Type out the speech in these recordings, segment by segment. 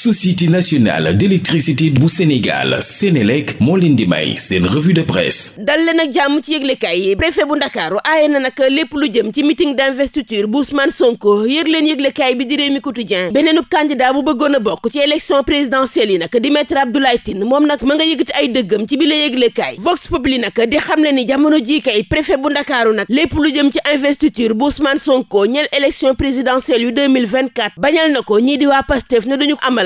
société nationale d'électricité bu Sénégal Sénélec moo leen di may seen revue de presse dal leen ak jàmm ci yëglekaay yi préfet bu ndakaaru aaye na nag lépp lu jëm ci meeting d'investiture bu Sonko yër yëglekaay bi di Rewmi Quotidien beneenub candidat bu bëggoon bokk ci élection présidentielle yi nag di maître Abdoulaye Tine moom nag ma nga yëgati ay dëggam ci bi la yëglekaay Vox Populi nag di xam ne ni jamono jii bu ndakaaru lépp lu jëm ci investiture bu Ousmane Sonko ñeel élection présidentielle yu 2024 bañal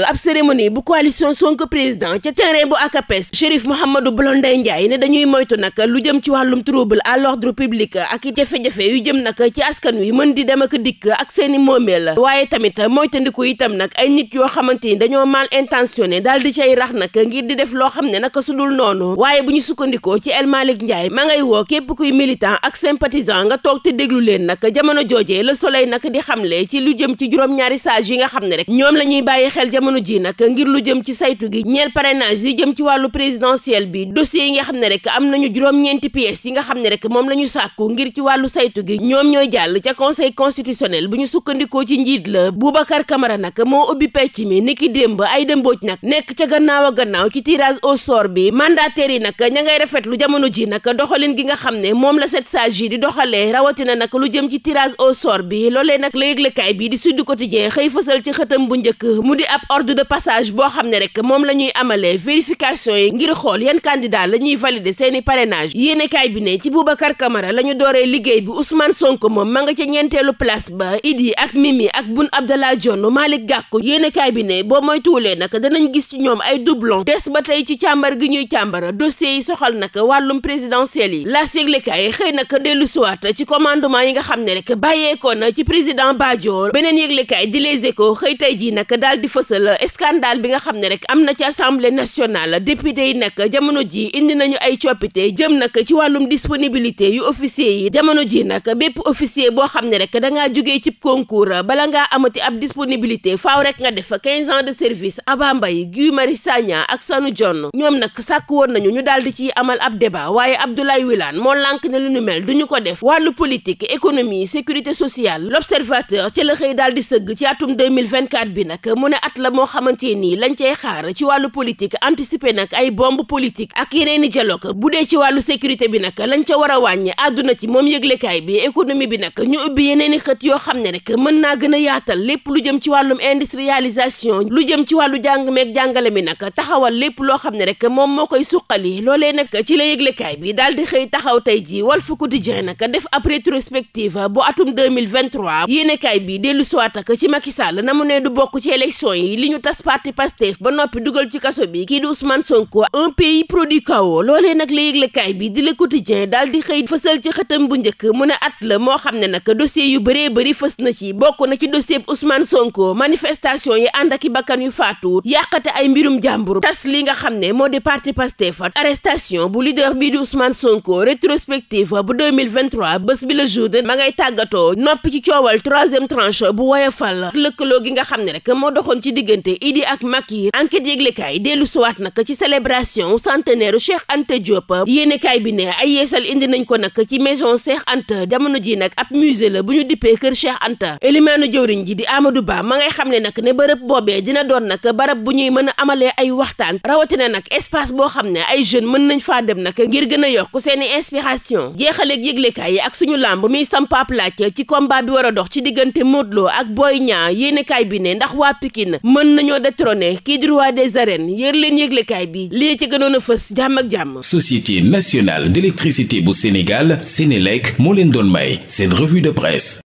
ab cérémonie bu coalition Sonko président ca terrain bu akapes Chérif Mouhamadou Blondin Ndiaye ne dañuy moytu nag lu jëm ci wàllum trouble à l'ordre public ak jafe-jafe yu jëm nag ci askan wi mën di dem ak dikk ak seeni moomeel waaye tamit moytandiku itam nag ay nit yoo xamante ni dañoo mal intentionné daal di cay rax nag ngir di def loo xam ne naka su dul noonu waaye bu ñu sukkandikoo ci El Malick Ndiaye ma ngay woo képp kuy militant ak sympathisant nga toog te déglu leen nag jamono joojee Le Soleil nag di xamle ci lu jëm ci juróom-ñaari sages yi nga xam ne rek ñoom la ñuy bàyyi xel jamono jamono ji nag ngir lu jëm ci saytu gi ñeel parrainage yi jëm ci wàllu présidentiel bi dossier yi xam ne rek am nañu juróom-ñeenti pièces yi nga xam ne rek moom la ñu sàkku ngir ci wàllu saytu gi ñoom ñooy jàll ca conseil constitutionnel bu ñu sukkandikoo ci njiit la Boubacar Camara nag moo ubbi pecc mi niki démb ay dëmbooj nag nekk ca gannaaw a gannaaw ci tirage au sort bi mandataires yi nag ña ngay rafetlu jamono ji nag doxalin gi nga xam ne moom la sept sages yi di doxalee rawatina nag lu jëm ci tirage o sort bi loolee nag la yëglekaay bi di Sud Quotidien xëy fësal ci xëtam bu njëkk mu di ab ordre de passage boo xam ne rek moom la ñuy vérification yi ngir xool yan candidat la ñuy valider seen i parrainage yéenekaay bi ne ci Boubacar Camara la ñu dooree liggéey bi Ousmane Sonko moom ma ca ñeenteelu place ba Idi ak Mimi ak Boun Abdallah Dionne Malick Gakou yéenekaay bi ne boo moytuwulee nag danañ gis ci ñoom ay doublon des ba tey ci càmbar gi ñuy càmbara dossier yi soxal nag wàllum présidentiel yi la séglekaay xëy nag dellu siwaat ci commandement yi nga xam ne rek bàyyeekoon ci président scandale bi nga xam ne rek am na ci assemblée nationale député yi nag jamono ji indi nañu ay coppite jëm nag ci wàllum disponibilité yu officier yi jamono ji nag bépp officier boo xam ne rek da ngaa jugee ci concours bala nga amati ab disponibilité faaw rek nga def quinze ans de service Abba Mbaye Guy Marius Sagna ak Sanu Dione ñoom nag sàkk woon nañu ñu daal di ciy amal ab débat waaye Abdoulaye Wilane moo lànk ne lu ñu mel duñu ko def wàllu politique économie sécurité sociale l'observateur ci la xëy daal di sëgg ci atum 2024 bi nag mu ne at yoo xamante nii lañ cay xaar ci wàllu politique anticiper nag ay bombe politique ak yeneeni dialogue bu dee ci wàllu sécurité bi nag lañ ca war a wàññi àdduna ci moom yëglekaay bi économie bi nag ñu ubbi yeneeni xët yoo xam ne rek mën naa gën a yaatal lépp lu jëm ci wàllum industrialisation lu jëm ci wàllu jàng jàngale mi nag taxawal lépp loo xam ne rek moom moo koy suqali loolee nag ci la yëglekaay bi daal di xëy taxaw tey ji Walf Quotidien nag def ab rétrospective bu atum 2023 yéenekaay bi dellu siwaat ak ci Macky Sall na mu ne du bokk ci élection yi ñu tas parti Pastef ba noppi dugal ci kaso bi kii di Ousmane Sonko un pays produit chaos loolee nag la yëglekaay bi di Le Quotidien daal di xëy fësal ci xëtam bu njëkk mu ne at la moo xam ne nag dossier yu bëree bëri fës na ci bokk na ci dossier bi Ousmane Sonko manifestation yi ànd ak i bakkan yu faatu yàqate ay mbirum jàmbur tas li nga xam ne moo di parti Pastef arrestation bu leader bii di Ousmane Sonko rétrospective bu 2023 bés bi le jour de ma ngay tàggatoo noppi ci coowal troisième tranche bu woyofal lëkkaloo gi nga xam ne rek te Idi ak Macky enquête yëglekaay dellu suwaat nag ci célébration centenaire Cheikh Anta Diop yéenekaay bi ne ay yeesal indi nañ ko nag ci maison Cheikh Anta jamono ji nag ab musée la bu ñu dippee kër Cheikh Anta élimaanu jëwriñ ji di Amadou Ba ma ngay xam ne nag ne bërëb boobee dina doon nag barab bu ñuy mën a amalee ay waxtaan rawatina nag espace boo xam ne ay jeunes mën nañ faa dem nag ngir gën a yokk seeni inspiration jeexaleeg yëglekaay yi ak suñu làmb miy sampaap laaj ci combat bi war a dox ci diggante Modou Lo ak Boy Niang yéenekaay bi ne ndax waa mën nañoo détrôner kii di roi des arènes yër leen yëglekaay bi lii ci gënoon a fës jàmm ak jàmm. société nationale d'électricité bu Sénégal Sénélec moo leen doon may seen revue de presse.